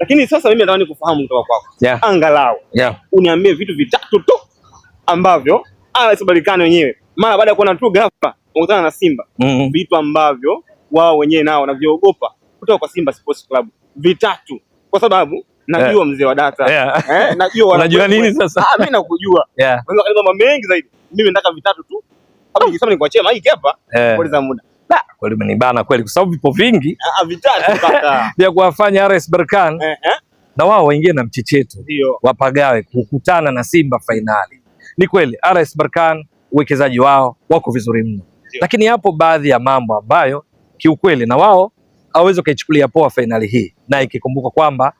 Lakini sasa mimi natamani kufahamu kutoka kwako yeah. Angalau yeah. Uniambie vitu vitatu tu ambavyo alasbalikane wenyewe, mara baada ya kuona tu ghafla unakutana na Simba mm -hmm. Vitu ambavyo wao wenyewe nao wanavyoogopa kutoka kwa Simba Sports Club, vitatu, kwa sababu najua yeah. Mzee wa data yeah. Eh, najua nini sasa? Ah, mimi nakujua yeah. Mambo mengi zaidi, mimi nataka vitatu tu, kama ah. nikisema nikuachie maiki hapa, kwa eh. muda Kweli umenibana kweli, kwa sababu vipo vingi ah, ah, vya kuwafanya RS Berkane eh, eh, na wao waingie na mchecheto wapagawe kukutana na Simba fainali. Ni kweli RS Berkane uwekezaji wao wako vizuri mno, lakini yapo baadhi ya mambo ambayo kiukweli na wao hawezi wakaichukulia poa fainali hii, na ikikumbuka kwamba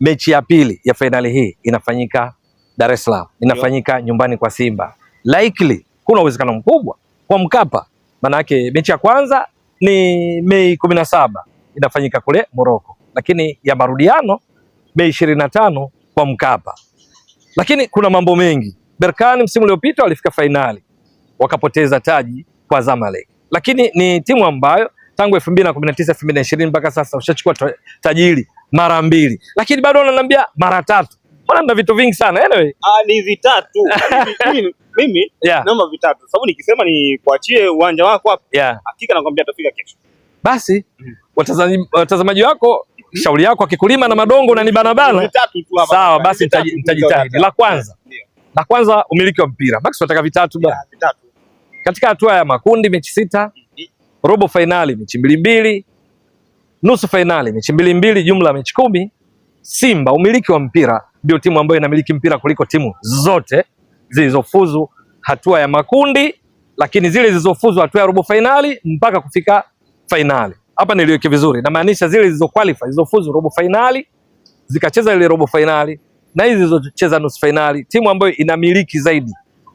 mechi ya pili ya fainali hii inafanyika Dar es Salaam, inafanyika nyumbani kwa Simba, likely kuna uwezekano mkubwa kwa Mkapa Manake mechi ya kwanza ni Mei kumi na saba inafanyika kule Morocco, lakini ya marudiano Mei ishirini na tano kwa Mkapa. Lakini kuna mambo mengi. Berkane msimu uliopita walifika fainali wakapoteza taji kwa Zamalek, lakini ni timu ambayo tangu 2019 2020 mpaka sasa ushachukua tajiri mara mbili, lakini bado wananiambia mara tatu. Mbona mna vitu vingi sana anyway. Ah, ni vitatu mimi yeah. naomba vitatu sababu nikisema ni kuachie uwanja wako hapa yeah. hakika nakwambia tafika kesho. Basi mm. watazamaji, wako mm. shauri yako akikulima na madongo na ni vitatu tu Sawa basi nitajitahidi. La kwanza yeah. la kwanza umiliki wa mpira Max, tunataka vitatu yeah, yeah, vitatu katika hatua ya makundi mechi sita mm -hmm. robo fainali mechi mbili mbili nusu fainali mechi mbili mbili, jumla mechi kumi. Simba umiliki wa mpira ndio timu ambayo inamiliki mpira kuliko timu zote zilizofuzu hatua ya makundi, lakini zile zilizofuzu hatua ya robo fainali mpaka kufika fainali. Hapa niliweke vizuri, namaanisha zile qualify zilizofuzu robo fainali zikacheza ile robo fainali, na hizi zilizocheza nusu fainali. Timu ambayo inamiliki zaidi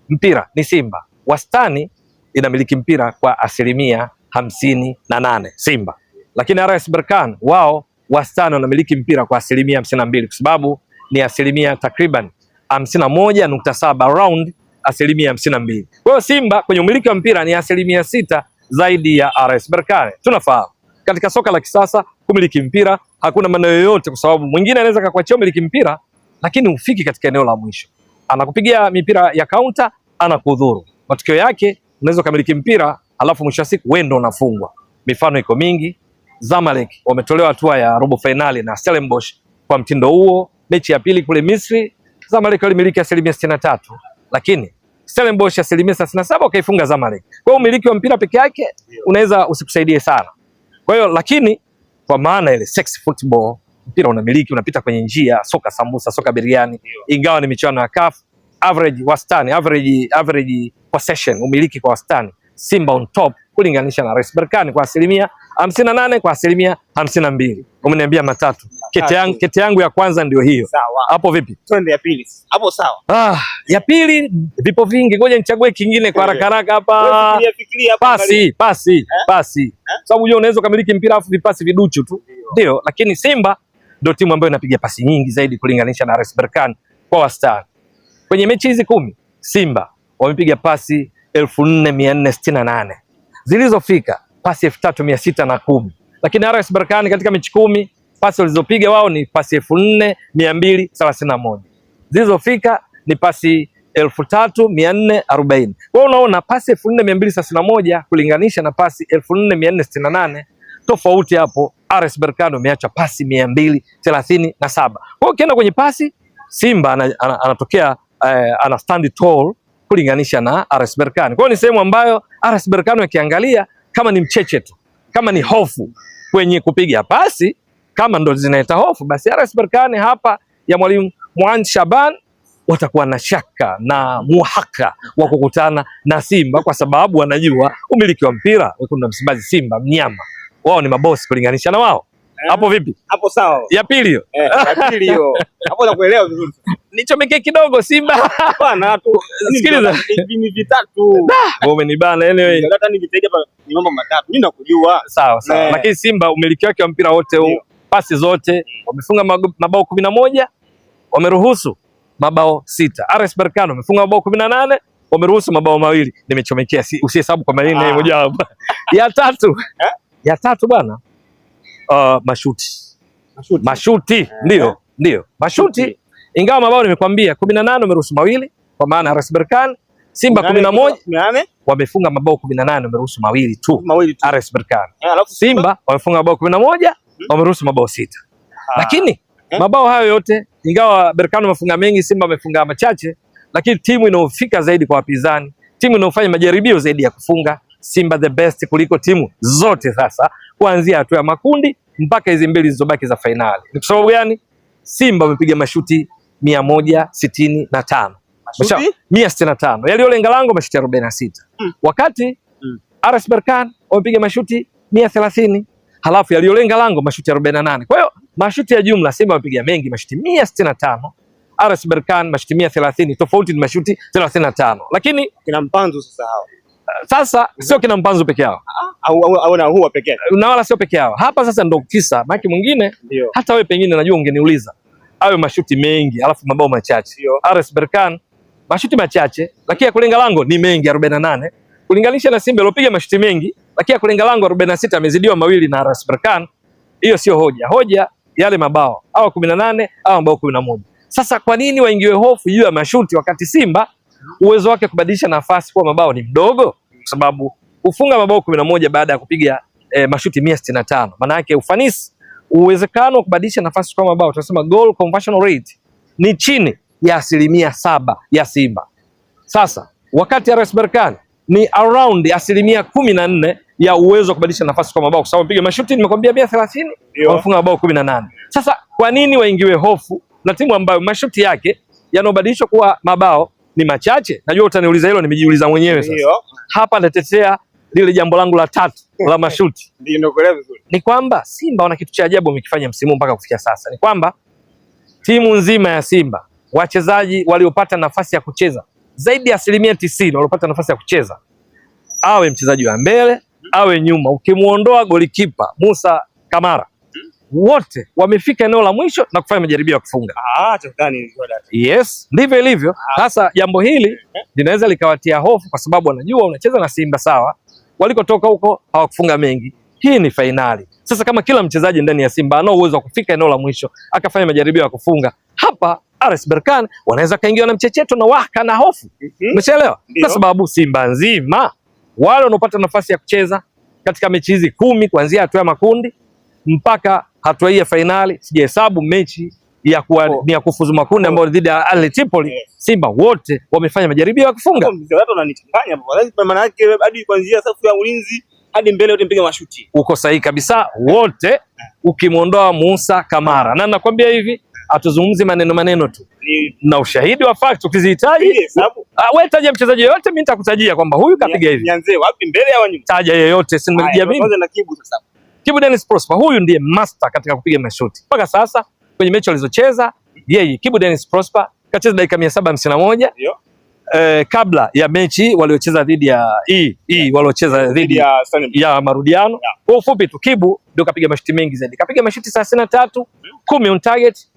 mpira ni Simba, wastani inamiliki mpira kwa asilimia hamsini na nane Simba, lakini RS Berkane wao wastani wanamiliki mpira kwa asilimia hamsini na mbili kwa sababu ni asilimia takriban hamsini na moja nukta saba round asilimia hamsini na mbili. Kwa hiyo Simba kwenye umiliki wa mpira ni asilimia sita zaidi ya RS Berkane. Tunafahamu katika soka la kisasa kumiliki mpira hakuna maana yoyote, kwa sababu mwingine anaweza kakuachia umiliki mpira lakini ufiki katika eneo la mwisho, anakupigia mipira ya kaunta, anakudhuru. Matokeo yake unaweza ukamiliki mpira alafu mwisho wa siku wewe ndo unafungwa. Mifano iko mingi. Zamalek wametolewa hatua ya robo fainali na Stellenbosch kwa mtindo huo. Mechi ya pili kule Misri Zamalek walimiliki asilimia sitini na tatu lakini Stellenbosch asilimia thelathini na saba wakaifunga Zamalek. Kwa hiyo umiliki wa mpira peke yake unaweza usikusaidie sana. Kwa hiyo lakini kwa maana ile sex football mpira unamiliki, unapita kwenye njia, soka sambusa, soka biriani, ingawa ni michuano ya CAF, average wastani, average average possession, umiliki kwa wastani, Simba on top kulinganisha na RS Berkane kwa asilimia hamsini na nane kwa asilimia hamsini na mbili umeniambia matatu. Kete ah, yangu, kete yangu ya kwanza ndio hiyo hapo. Vipi, twende ya pili hapo? Sawa. Ah, ya pili vipo vingi, ngoja nichague kingine kwa eh. haraka haraka hapa. Pasi, pasi, eh? pasi, eh? sababu unajua unaweza ukamiliki mpira afu vipasi viduchu tu, ndio. Lakini Simba ndio timu ambayo inapiga pasi nyingi zaidi kulinganisha na RS Berkane kwa wastani. Kwenye mechi hizi kumi Simba wamepiga pasi elfu nne mia nne sitini na nane zilizofika pasi elfu tatu mia sita na kumi lakini RS Berkane katika mechi kumi pasi walizopiga wao ni pasi elfu nne mia mbili thelathini na moja zilizofika ni pasi elfu tatu mia nne arobaini Kwa hiyo unaona pasi elfu nne mia mbili thelathini na moja kulinganisha na pasi elfu nne mia nne sitini na nane tofauti hapo. RS Berkane ameacha pasi mia mbili thelathini na saba Kwa hiyo ukienda kwenye pasi Simba anatokea ana, eh, ana stand tall kulinganisha na RS Berkane. Kwa hiyo ni sehemu ambayo RS Berkane akiangalia kama ni mcheche tu, kama ni hofu kwenye kupiga pasi, kama ndo zinaleta hofu, basi RS Berkane hapa ya mwalimu Mwan Shaban watakuwa na shaka na muhaka wa kukutana na Simba kwa sababu wanajua umiliki wa mpira wekundu na Msimbazi. Simba mnyama wao, ni mabosi kulinganisha na wao. Eh? hapo vipi? Hapo sawa. Ya pili hiyo. Eh, ya pili hiyo. Hapo nakuelewa vizuri. Nichomeke kidogo Simba. Bwana tu. Sikiliza. Ni vitatu. Wewe umenibana anyway. Hata nikitaja hapa ni mambo matatu. Mimi nakujua. Sawa sawa. Eh. Lakini Simba umiliki wake wa mpira wote huu, pasi zote, mm. wamefunga mabao 11, wameruhusu mabao sita. RS Berkane wamefunga mabao 18, wameruhusu mabao mawili. Nimechomekea, usihesabu kwa maneno moja ah. hapa. Ya tatu. Eh? Ya tatu bwana uh, mashuti mashuti, mashuti. Eh. Ndio, ndio mashuti, ingawa mabao nimekwambia kumi na nane wameruhusu mawili kwa maana RS Berkane Simba kumi na moja wamefunga mabao kumi na nane wameruhusu mawili tu, mawili tu. RS Berkane eh, Simba wamefunga mabao kumi na moja hmm. wameruhusu mabao sita ha. Ah. Lakini ha. Eh? mabao hayo yote ingawa Berkane wamefunga mengi, Simba wamefunga machache, lakini timu inaofika zaidi kwa wapinzani, timu inaofanya majaribio zaidi ya kufunga Simba the best kuliko timu zote sasa, kuanzia hatua ya makundi mpaka hizi mbili zilizobaki za fainali. Ni kwa sababu gani? Simba wamepiga mashuti mia moja sitini na tano mia sitini na tano yaliyolenga lango mashuti arobaini na sita mm. wakati mm. RS Berkane wamepiga mashuti mia thelathini halafu yaliyolenga lango mashuti arobaini na nane Kwa hiyo mashuti ya jumla Simba wamepiga mengi, mashuti mia sitini na tano RS Berkane mashuti mia thelathini tofauti ni mashuti thelathini na tano lakini kina mpanzu sasa hawa sasa mhm. sio kina mpanzo peke yao ah, ah, au na huwa peke yao na wala sio peke yao. Hapa sasa ndo kisa maki mwingine, hata wewe pengine najua ungeniuliza awe mashuti mengi alafu mabao machache. RS Berkane mashuti machache lakini ya kulenga lango ni mengi 48 kulinganisha na Simba aliyopiga mashuti mengi lakini ya kulenga lango 46 amezidiwa mawili na RS Berkane. Hiyo sio hoja, hoja yale mabao au 18 au mabao 11. Sasa kwa nini waingiwe hofu juu ya mashuti wakati Simba uwezo wake kubadilisha nafasi kuwa mabao ni mdogo, kwa sababu hufunga mabao kumi na moja baada ya kupiga e, mashuti mia sitini na tano. Maana yake ufanisi, uwezekano wa kubadilisha nafasi kuwa mabao, tunasema goal conversion rate ni chini ya asilimia saba ya Simba. Sasa wakati ya RS Berkane ni around asilimia kumi na nne ya uwezo wa kubadilisha nafasi kwa mabao, kwa sababu piga mashuti nimekwambia mia thelathini wamefunga mabao kumi na nane. Sasa kwa nini waingiwe hofu na timu ambayo mashuti yake yanayobadilishwa kuwa mabao ni machache, najua utaniuliza hilo, nimejiuliza mwenyewe sasa. Hapa natetea lile jambo langu la tatu la mashuti ni kwamba Simba wana kitu cha ajabu wamekifanya msimu mpaka kufikia sasa, ni kwamba timu nzima ya Simba wachezaji waliopata nafasi ya kucheza zaidi ya asilimia tisini waliopata nafasi ya kucheza, awe mchezaji wa mbele awe nyuma, ukimwondoa golikipa Musa Kamara wote wamefika eneo la mwisho na kufanya majaribio ya kufunga. Ah, yes, ndivyo ilivyo. Ah. Sasa jambo hili eh, eh. linaweza likawatia hofu, kwa sababu wanajua unacheza na Simba sawa, walikotoka huko hawakufunga mengi. Hii ni fainali. Sasa kama kila mchezaji ndani ya Simba anao uwezo wa kufika eneo la mwisho akafanya majaribio ya kufunga hapa RS Berkane wanaweza kaingiwa na mchecheto na waka na hofu, mhm. umeshaelewa? mm -hmm. Kwa sababu Simba nzima wale wanaopata nafasi ya kucheza katika mechi hizi kumi kuanzia hatua ya makundi mpaka hatua hii ya fainali, sijahesabu mechi ya kuwa, oh, ni ya kufuzu makundi ambayo dhidi ya Al Tripoli yes. Simba wote wamefanya majaribio ya kufunga. Watu wananichanganya baba, maana yake hadi hadi kuanzia safu ya ulinzi mbele wote mashuti. Uko sahihi kabisa, wote ukimwondoa Musa Kamara, na nakwambia hivi atuzungumzi maneno maneno tu ni, na ushahidi wa fact ukizihitaji. Ah, wewe taja mchezaji yeyote, mimi nitakutajia kwamba huyu kapiga hivi. Nianzie wapi, mbele au nyuma? Taja yeyote, si nimejia mimi Kwanza na kibu sasa Kibu Dennis Prosper huyu ndiye master katika kupiga mashuti mpaka sasa kwenye mechi alizocheza yeye. Kibu Dennis Prosper kacheza dakika mia saba hamsini na moja eh, kabla ya mechi waliocheza dhidi ya hii hii waliocheza dhidi ya, ya marudiano yeah. Kwa ufupi tu Kibu ndio kapiga mashuti mengi zaidi, kapiga mashuti thelathini na tatu kumi on target,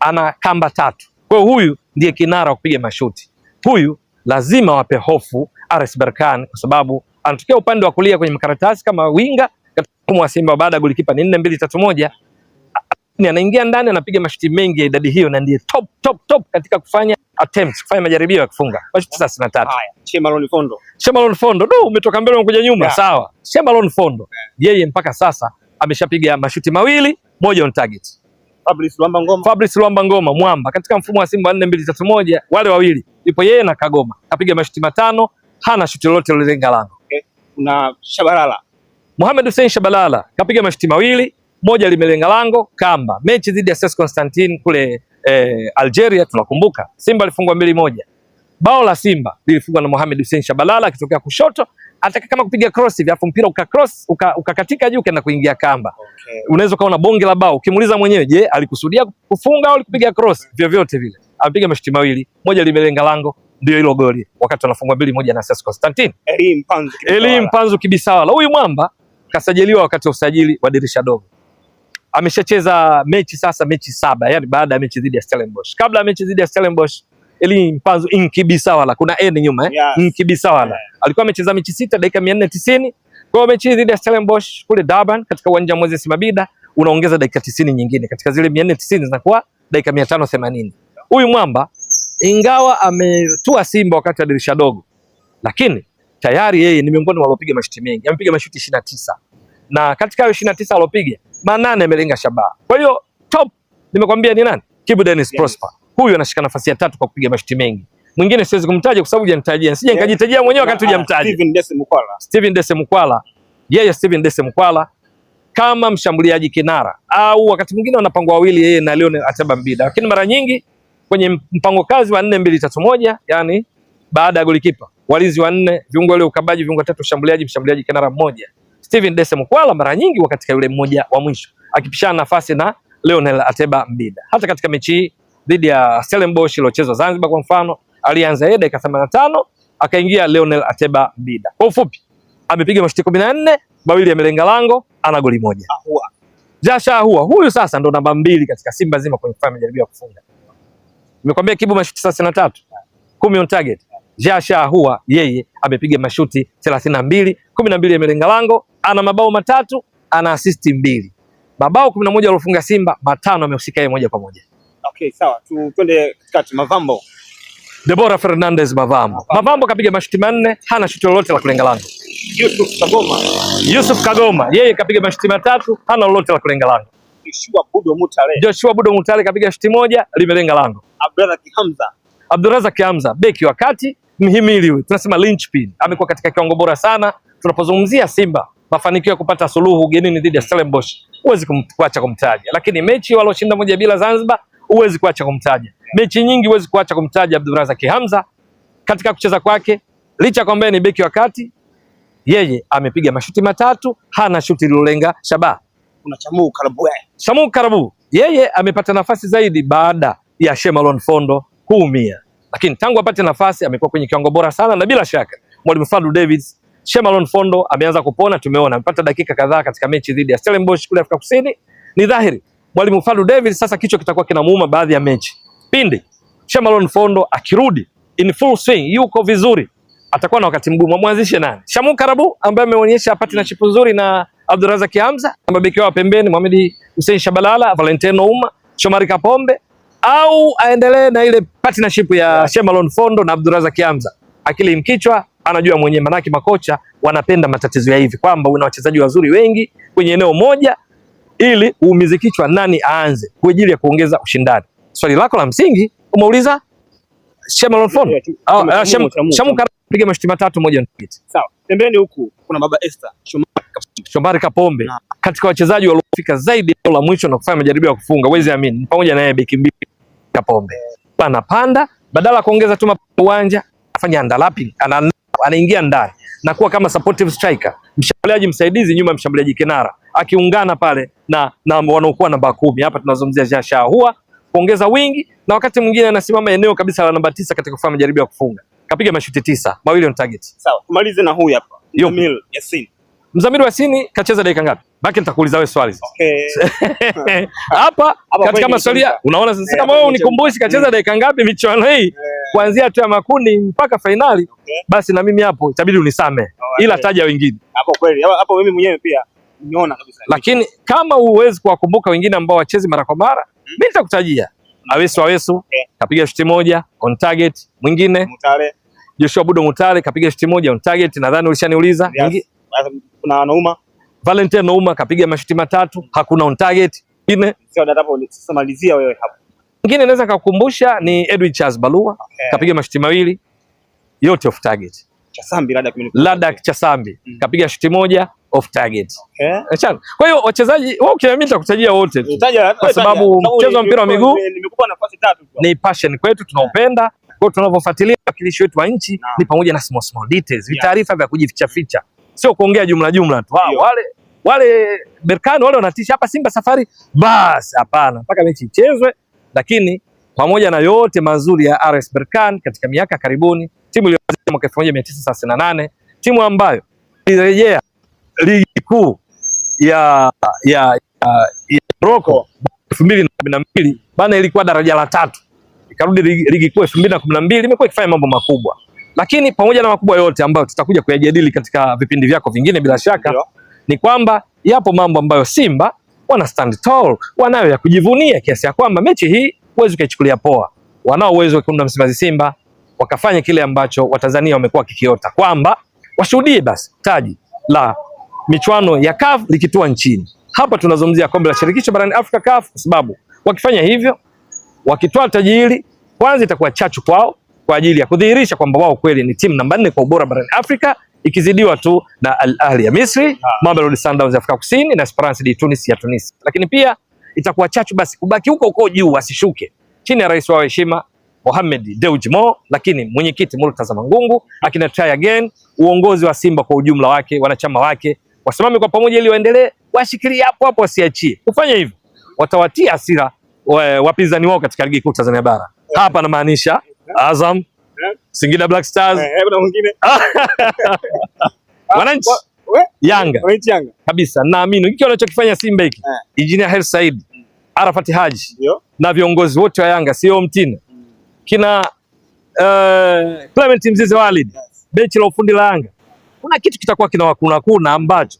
ana kamba tatu. Kwa huyu ndiye kinara wa kupiga mashuti, huyu lazima wape hofu RS Berkane kwa sababu anatokea upande wa kulia kwenye makaratasi kama winga mfumo wa Simba baada ya golikipa ni nne mbili tatu moja ni anaingia ndani anapiga mashuti mengi ya idadi hiyo, na ndiye top top top katika kufanya attempts, kufanya majaribio ya kufunga mashuti thelathini na tatu. Haya, Shemalon Fondo, Shemalon Fondo, do umetoka mbele unakuja nyuma yeah. Sawa, Shemalon Fondo yeye mpaka sasa ameshapiga mashuti mawili, moja on target. Fabrice Luamba Ngoma, Fabrice Luamba Ngoma mwamba katika mfumo wa Simba nne mbili tatu moja, wale wawili ipo yeye na Kagoma, kapiga mashuti matano, hana shuti lolote lilenga lango. Okay. Kuna Shabalala Mohamed Hussein Shabalala kapiga mashiti mawili, moja limelenga lango kamba, mechi dhidi ya SES Constantine kule eh, Algeria. Tunakumbuka Simba alifungwa mbili moja, bao la Simba lilifungwa na Mohamed Hussein Shabalala akitokea kushoto, ataka kama kupiga cross hivi, afu mpira ukacross ukakatika uka juu ukaenda kuingia kamba. Okay. Unaweza ukaona bonge la bao, ukimuuliza mwenyewe, je, alikusudia kufunga au alikupiga cross? Okay. Vyovyote vile amepiga mashiti mawili, moja limelenga lango ndio hilo goli wakati wanafungwa mbili moja na SES Constantine. Eli Mpanzu Kibisawala, huyu mwamba kasajiliwa wakati wa usajili wa dirisha dogo. Ameshacheza mechi sasa mechi saba, yani baada ya mechi dhidi ya Stellenbosch. Kabla ya mechi dhidi ya Stellenbosch ili mpanzo inkibisawala kuna n nyuma eh? Yes. Inkibisawala yeah. Alikuwa amecheza mechi sita dakika 490 kwa mechi dhidi ya Stellenbosch kule Durban katika uwanja wa Moses Mabida, unaongeza dakika 90 nyingine katika zile 490 zinakuwa dakika 580. Huyu mwamba ingawa ametua Simba wakati wa dirisha dogo lakini tayari yeye ni miongoni mwa waliopiga mashuti mengi, amepiga mashuti ishirini na tisa na katika hayo ishirini na tisa aliopiga manane amelenga shabaha. Kwa hiyo top nimekwambia ni nani? Kibu Dennis Prosper, huyu anashika nafasi ya tatu kwa kupiga mashuti mengi. Mwingine siwezi kumtaja kwa sababu hujanitajia, nisije nikajitajia mwenyewe wakati ah, hujamtaja. Steven Dese Mkwala, Steven Dese Mkwala, yeye Steven Dese Mkwala kama mshambuliaji kinara, au wakati mwingine wanapangwa wawili, yeye na Leon Ateba Mbida, lakini mara nyingi kwenye mpango kazi wa nne mbili tatu moja, yani baada ya golikipa walinzi wanne, viungo wale ukabaji, viungo tatu shambuliaji, mshambuliaji kinara mmoja. Steven Dese Mukwala mara nyingi huwa katika yule mmoja wa mwisho akipishana nafasi na Lionel Ateba Mbida. Hata katika mechi hii dhidi ya Stellenbosch iliyochezwa Zanzibar kwa mfano, alianza yeye dakika 85 akaingia Lionel Ateba Mbida. Kwa ufupi, amepiga mashuti 14, mawili yamelenga lango, ana goli moja. Ahua. Jasha huwa huyu sasa ndo namba mbili katika Simba zima kwenye kufanya majaribio ya kufunga. Nimekwambia Kibu mashuti 33, 10 on target. Jasha huwa yeye amepiga mashuti thelathini na mbili, kumi na mbili yamelenga lango, ana mabao matatu, ana asisti mbili. Mabao kumi na moja aliofunga Simba, matano amehusika yeye moja kwa moja. Okay, sawa. Tuende katikati Mavambo. Debora Fernandez Mavambo. Mavambo kapiga mashuti manne, hana shuti lolote la kulenga lango. Yusuf Kagoma. Yusuf Kagoma yeye kapiga mashuti matatu, hana lolote la kulenga lango. Joshua Budo Mutale Joshua Budo Mutale kapiga shuti moja limelenga lango. Abdurazaki Hamza. Abdurazaki Hamza beki wa kati mhimili huyu, tunasema linchpin, amekuwa katika kiwango bora sana. Tunapozungumzia Simba mafanikio ya kupata suluhu ugenini dhidi ya Stellenbosch, huwezi kuacha kumtaja, lakini mechi waloshinda moja bila Zanzibar, huwezi kuacha kumtaja. Mechi nyingi huwezi kuacha kumtaja Abdulrazak Hamza katika kucheza kwake, licha kwamba ni beki wa kati, yeye amepiga mashuti matatu, hana shuti lilolenga shabaha. Kuna Chamu Karabu, Chamu Karabu yeye amepata nafasi zaidi baada ya Shemalon Fondo kuumia lakini tangu apate nafasi amekuwa kwenye kiwango bora sana, na bila shaka mwalimu Fadlu Davids Shemalon Fondo ameanza kupona, tumeona amepata dakika kadhaa katika mechi dhidi ya Stellenbosch kule Afrika Kusini. Ni dhahiri mwalimu Fadlu Davids sasa kichwa kitakuwa kinamuuma baadhi ya mechi. Pindi Shemalon Fondo akirudi in full swing, yuko vizuri, atakuwa na wakati mgumu. Mwanzishe nani? Shamu Karabu ambaye ameonyesha partnership nzuri na Abdurazak Hamza, ambaye wao pembeni Mohamed Hussein Shabalala, Valentino Uma, Shomari Kapombe au aendelee na ile partnership ya Shemalon Fondo na Abdurazak Hamza. Akili mkichwa anajua mwenyewe, manake makocha wanapenda matatizo ya hivi, kwamba una wachezaji wazuri wengi kwenye eneo moja, ili uumize kichwa nani aanze kwa ajili ya kuongeza ushindani. Swali lako la msingi umeuliza Shemalon Fondo piga mashuti matatu moja nipite. Sawa. Pembeni huku kuna baba Esther Shomari Kapombe, katika wachezaji waliofika zaidi la mwisho na kufanya majaribio ya kufunga, huwezi amini, pamoja na yeye beki mbili ya pombe. Anapanda badala kuongeza tu uwanja, afanya underlapping, ana anaingia ndani na kuwa kama supportive striker, mshambuliaji msaidizi nyuma ya mshambuliaji kinara, akiungana pale na, na wanaokuwa namba kumi. Hapa tunazungumzia Jean Ahoua kuongeza wingi, na wakati mwingine anasimama eneo kabisa la namba tisa katika kufanya majaribio ya kufunga. Kapiga mashuti tisa, mawili on target. Sawa, tumalize na huyu hapa Mzamiru Yasini. Mzamiru Yasini kacheza dakika ngapi? Baki nitakuuliza wewe swali sasa. Okay. Hapa katika maswali unaona sasa eh, kama wewe unikumbushi kacheza mm. dakika ngapi michuano hii eh. kuanzia hatua ya makundi mpaka fainali okay. Basi na mimi hapo itabidi unisame okay. Ila taja wengine hapo kweli, hapo mimi mwenyewe pia niona kabisa, lakini kama huwezi kuwakumbuka wengine ambao wachezi mara kwa mara mm. mimi hmm, nitakutajia mm. Awesu Awesu okay. Kapiga shuti moja on target, mwingine Mutale. Joshua Budo Mutale kapiga shuti moja on target, nadhani ulishaniuliza yes. Kuna wanauma Valentine Nouma kapiga mashuti matatu, hakuna on target Ine Sio wewe hapo. Mwingine naweza kukumbusha ni Edwin Charles Balua okay. Kapiga mashuti mawili yote off target. Chasambi Ladak Chasambi mm. Kapiga shuti moja off target. Okay. Kwa hiyo wachezaji wao mimi nitakutajia wote tu. Kwa sababu mchezo wa mpira wa miguu nimekupa nafasi tatu ni passion kwetu tunaupenda. Kwa hiyo tunavyofuatilia wakilishi wetu wa nchi ni pamoja na small small details, vitaarifa vya kujificha ficha sio kuongea jumla jumla tu. Wale wale Berkane wale wanatisha hapa Simba safari basi, hapana, mpaka mechi ichezwe. Lakini pamoja na yote mazuri ya RS Berkane katika miaka karibuni, timu iliyoanzishwa mwaka 1938 timu ambayo ilirejea ligi kuu ya ya ya Morocco elfu mbili na kumi na mbili bana, ilikuwa daraja la tatu, ikarudi ligi kuu elfu mbili na kumi na mbili imekuwa ikifanya mambo makubwa. Lakini pamoja na makubwa yote ambayo tutakuja kuyajadili katika vipindi vyako vingine bila shaka ni kwamba yapo mambo ambayo Simba wana stand tall, wanayo ya kujivunia kiasi ya kwamba mechi hii huwezi ukaichukulia poa. Wanao uwezo wa Msimbazi Simba wakafanya kile ambacho Watanzania wamekuwa kikiota kwamba washuhudie basi taji la michuano ya CAF likitua nchini. Hapa tunazungumzia kombe la shirikisho barani Afrika CAF, kwa sababu wakifanya hivyo, wakitoa taji hili, kwanza itakuwa chachu kwao kwa ajili ya kudhihirisha kwamba wao kweli ni timu namba nne kwa ubora barani Afrika ikizidiwa tu na Al Ahli ya Misri, ah. Mamelodi Sundowns ya Afrika Kusini na Esperance de Tunis ya Tunisia. Lakini pia itakuwa chachu basi kubaki huko huko juu, asishuke chini ya rais wao heshima Mohamed Dewji Mo, lakini mwenyekiti Murtaza Mangungu, akina try again, uongozi wa Simba kwa ujumla wake, wanachama wake wasimame kwa pamoja ili waendelee, washikilie hapo hapo, wasiachie. Kufanya hivyo watawatia hasira wapinzani wao katika ligi kuu Tanzania bara. Hapa namaanisha Azam, Singida Black Stars, eh, hebu na wananchi Yanga Wananchi Yanga. kabisa. Naamini hiki wanachokifanya Simba hiki, eh. Injinia Hersi Said, mm. Arafat Haji na viongozi wote wa Yanga sio e mtina mm. kina uh, Clement Mzize Walid, yes. Benchi la ufundi la Yanga, kuna kitu kitakuwa kina wakuna kuna ambacho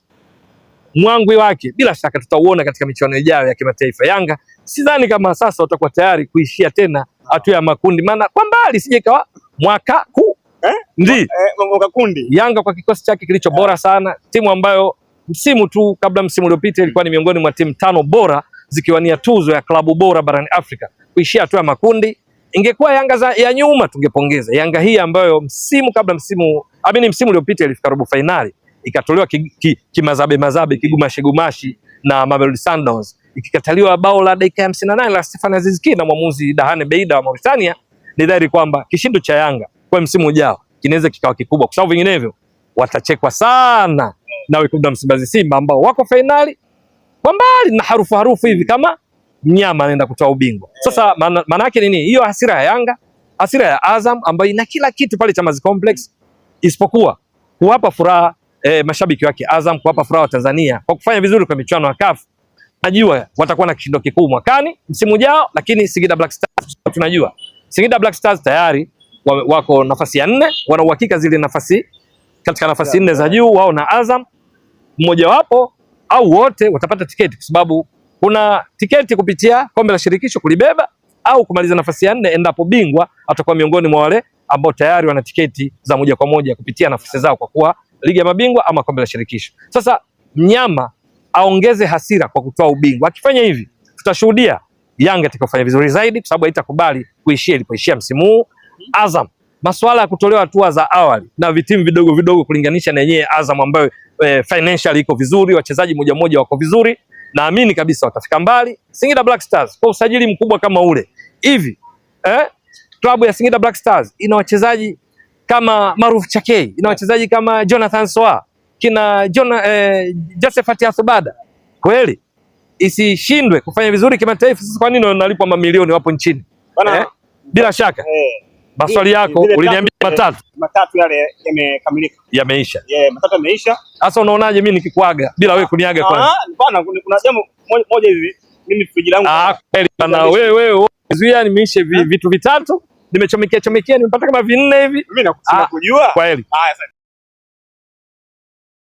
mwangwi wake bila shaka tutauona katika michuano ijayo ya kimataifa. Yanga sidhani kama sasa watakuwa tayari kuishia tena hatua ya makundi, maana kwa mbali sije ikawa mwaka kuu eh? ndi eh, mwaka kundi. Yanga kwa kikosi chake kilicho yeah, bora eh. sana, timu ambayo msimu tu kabla msimu uliopita ilikuwa ni miongoni mwa timu tano bora zikiwania tuzo ya klabu bora barani Afrika, kuishia hatua ya makundi. Ingekuwa Yanga za, ya nyuma tungepongeza. Yanga hii ambayo msimu kabla msimu amini, msimu uliopita ilifika robo fainali ikatolewa kimazabe ki, ki mazabe, mazabe kigumashi gumashi na Mamelodi Sundowns Ikikataliwa bao la dakika ya hamsini na nane la Stefan Aziz Ki na mwamuzi Dahane Beida wa Mauritania, ni dhahiri kwamba kishindo cha Yanga kwa msimu ujao kinaweza kikawa kikubwa, kwa sababu vinginevyo watachekwa sana na wekundu wa Msimbazi, Simba ambao wako fainali kwa mbali na harufu harufu hivi kama mnyama anaenda kutoa ubingwa. Sasa maana yake nini? Hiyo hasira ya Yanga, hasira ya Azam ambayo ina kila kitu pale Chamazi Complex, isipokuwa kuwapa furaha eh, mashabiki wake Azam, kuwapa furaha wa Tanzania kwa kufanya vizuri kwa michuano ya CAF Najua watakuwa na kishindo kikuu mwakani msimu ujao, lakini Singida Black Stars tunajua Singida Black Stars tayari wako nafasi ya nne, wana uhakika zile nafasi katika nafasi nne za juu, wao na Azam, mmojawapo au wote watapata tiketi, kwa sababu kuna tiketi kupitia kombe la shirikisho kulibeba au kumaliza nafasi ya nne. Endapo bingwa atakuwa miongoni mwa wale ambao tayari wana tiketi za moja kwa moja kupitia nafasi zao kwa kuwa ligi ya mabingwa ama kombe la shirikisho. Sasa mnyama aongeze hasira kwa kutoa ubingwa. Akifanya hivi, tutashuhudia Yanga atakayofanya vizuri zaidi, kwa sababu haitakubali kuishia ilipoishia msimu huu. Azam, masuala ya kutolewa hatua za awali na vitimu vidogo vidogo kulinganisha na yenyewe Azam ambayo e, eh, financial iko vizuri, wachezaji moja moja wako vizuri, naamini kabisa watafika mbali. Singida Black Stars kwa usajili mkubwa kama ule hivi eh? Klabu ya Singida Black Stars ina wachezaji kama Maruf Chakei, ina wachezaji kama Jonathan Soa kina John, eh, Josephat Asubada kweli isishindwe kufanya vizuri kimataifa. Sasa kwa nini wanalipwa mamilioni wapo nchini Bana, eh? bila shaka eh, maswali yako uliniambia eh, matatu matatu yale yamekamilika, yameisha yeah, matatu yameisha. Sasa unaonaje mimi nikikuaga bila wewe kuniaga ah, kwanza? Bana, kuna jambo moja hivi mimi friji langu ah, kweli bana, wewe wewe zuia nimeisha eh? vitu vitatu nimechomekea chomekea nimepata kama vinne hivi. Mimi nakusema ah, kujua kweli. Haya sasa.